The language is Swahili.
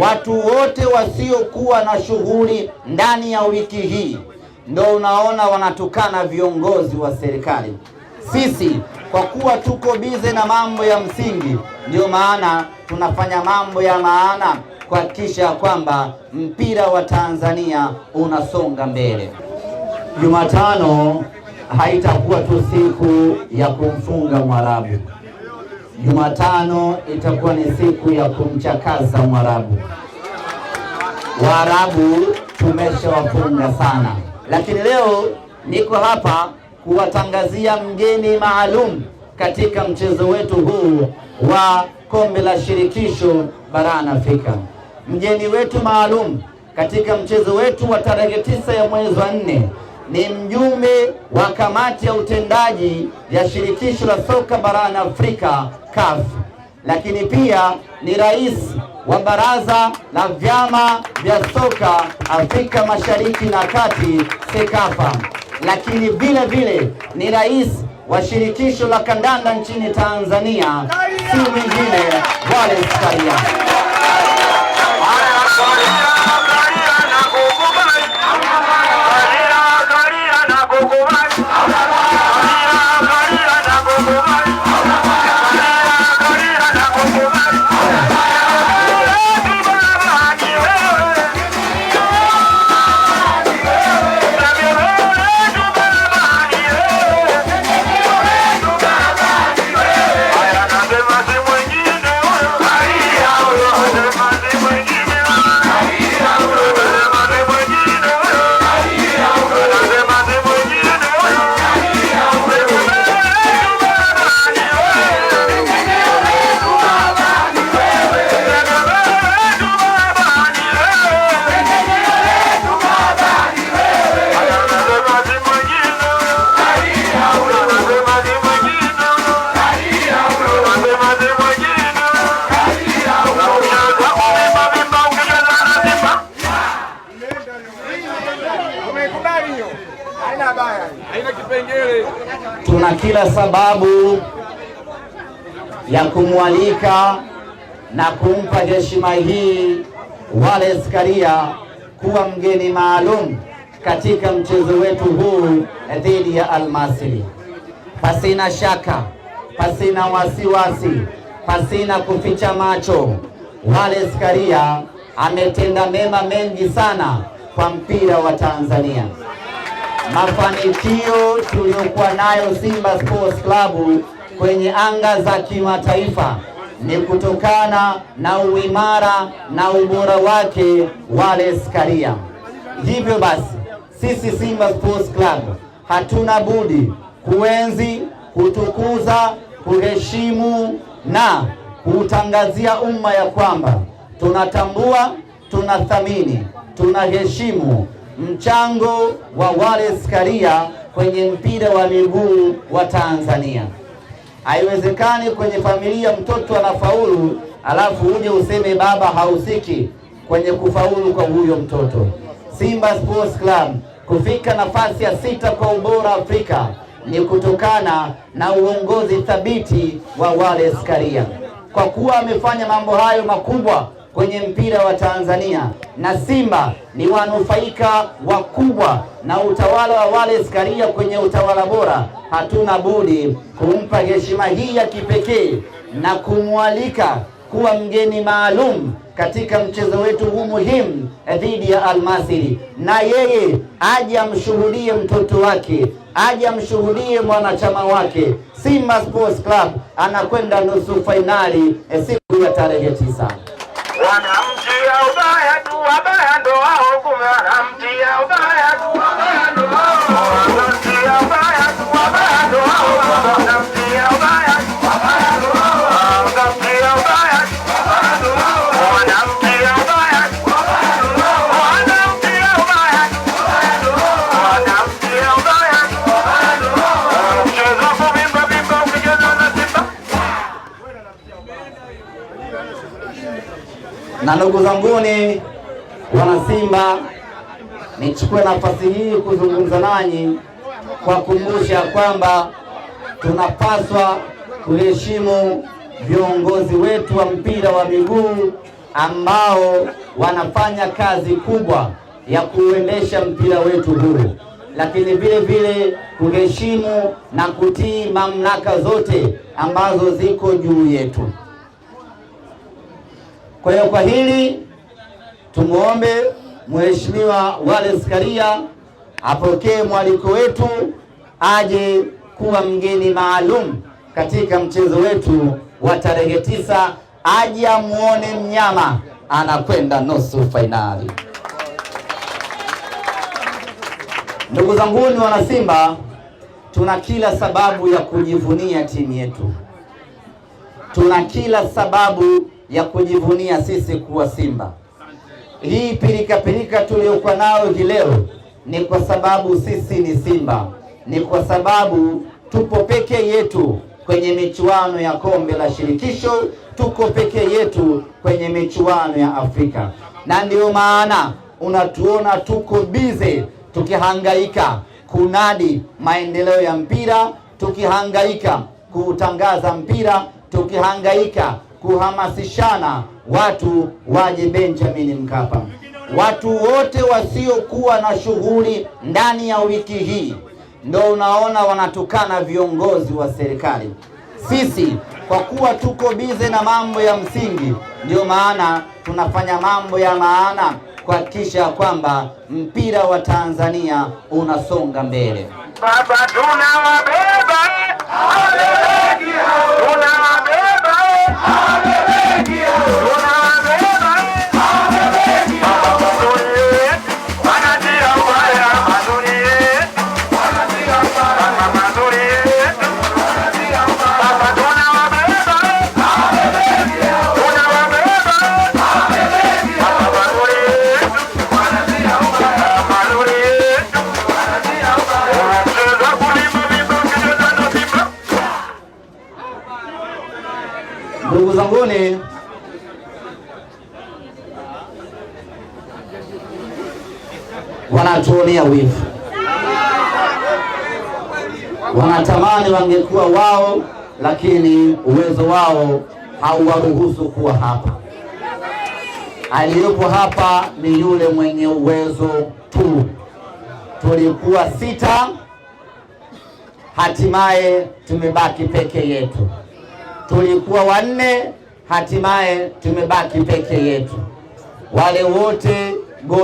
Watu wote wasiokuwa na shughuli ndani ya wiki hii ndio unaona wanatukana viongozi wa serikali. Sisi kwa kuwa tuko bize na mambo ya msingi, ndio maana tunafanya mambo ya maana kuhakikisha kwamba mpira wa Tanzania unasonga mbele. Jumatano haitakuwa tu siku ya kumfunga Mwarabu. Jumatano itakuwa ni siku ya kumchakaza Mwarabu. Waarabu tumeshawafunga sana, lakini leo niko hapa kuwatangazia mgeni maalum katika mchezo wetu huu wa kombe la shirikisho barani Afrika. Mgeni wetu maalum katika mchezo wetu wa tarehe tisa ya mwezi wa nne ni mjumbe wa kamati ya utendaji ya shirikisho la soka barani Afrika CAF, lakini pia ni rais wa baraza la vyama vya soka Afrika Mashariki na Kati SEKAFA, lakini vile vile ni rais wa shirikisho la kandanda nchini Tanzania, si mwingine Wallace Karia. tuna kila sababu ya kumwalika na kumpa heshima hii Wallace Karia kuwa mgeni maalum katika mchezo wetu huu dhidi ya Almasry. Pasina shaka, pasina wasiwasi, pasina kuficha macho, Wallace Karia ametenda mema mengi sana kwa mpira wa Tanzania mafanikio tuliyokuwa nayo Simba Sports Club kwenye anga za kimataifa ni kutokana na uimara na ubora wake Wallace Karia. Hivyo basi sisi Simba Sports Club hatuna budi kuenzi, kutukuza, kuheshimu na kuutangazia umma ya kwamba tunatambua, tunathamini, tunaheshimu mchango wa Wallace Karia kwenye mpira wa miguu wa Tanzania. Haiwezekani kwenye familia mtoto anafaulu alafu uje useme baba hahusiki kwenye kufaulu kwa huyo mtoto. Simba Sports Club kufika nafasi ya sita kwa ubora Afrika ni kutokana na uongozi thabiti wa Wallace Karia. Kwa kuwa amefanya mambo hayo makubwa kwenye mpira wa Tanzania na Simba ni wanufaika wakubwa na utawala wa Wallace Karia kwenye utawala bora. Hatuna budi kumpa heshima hii ya kipekee na kumwalika kuwa mgeni maalum katika mchezo wetu huu muhimu dhidi ya Almasiri, na yeye aje amshuhudie mtoto wake, aje amshuhudie mwanachama wake. Simba Sports Club anakwenda nusu fainali eh, siku ya tarehe tisa wanamtia ubaya tu, wabaya ndo wao, wanamtia ubaya tu, wabaya ndo wao, wanamtia ubaya na ndugu zanguni wanasimba, nichukue nafasi hii kuzungumza nanyi kwa kumbusha kwamba tunapaswa kuheshimu viongozi wetu wa mpira wa miguu ambao wanafanya kazi kubwa ya kuuendesha mpira wetu huu, lakini vile vile kuheshimu na kutii mamlaka zote ambazo ziko juu yetu. Kwa hiyo kwa hili tumuombe Mheshimiwa Wallace Karia apokee mwaliko wetu aje kuwa mgeni maalum katika mchezo wetu wa tarehe tisa, aje amuone mnyama anakwenda nusu fainali. Ndugu zangu wana wanasimba, tuna kila sababu ya kujivunia timu yetu, tuna kila sababu ya kujivunia sisi kuwa Simba. Hii pilika tuliyokuwa nayo hii leo ni kwa sababu sisi ni Simba, ni kwa sababu tupo pekee yetu kwenye michuano ya kombe la shirikisho, tuko pekee yetu kwenye michuano ya Afrika, na ndio maana unatuona tuko bize tukihangaika kunadi maendeleo ya mpira, tukihangaika kuutangaza mpira, tukihangaika kuhamasishana watu waje Benjamin Mkapa. Watu wote wasiokuwa na shughuli ndani ya wiki hii ndo unaona wanatukana viongozi wa serikali. Sisi kwa kuwa tuko bize na mambo ya msingi, ndio maana tunafanya mambo ya maana kuhakikisha kwamba mpira wa Tanzania unasonga mbele. Baba tunawabeba, tunawabeba. zanguni, wanatuonea wivu, wanatamani wangekuwa wao, lakini uwezo wao hauwaruhusu kuwa hapa. Aliyopo hapa ni yule mwenye uwezo tu. Tulikuwa sita, hatimaye tumebaki peke yetu tulikuwa wanne, hatimaye tumebaki peke yetu. Wale wote goe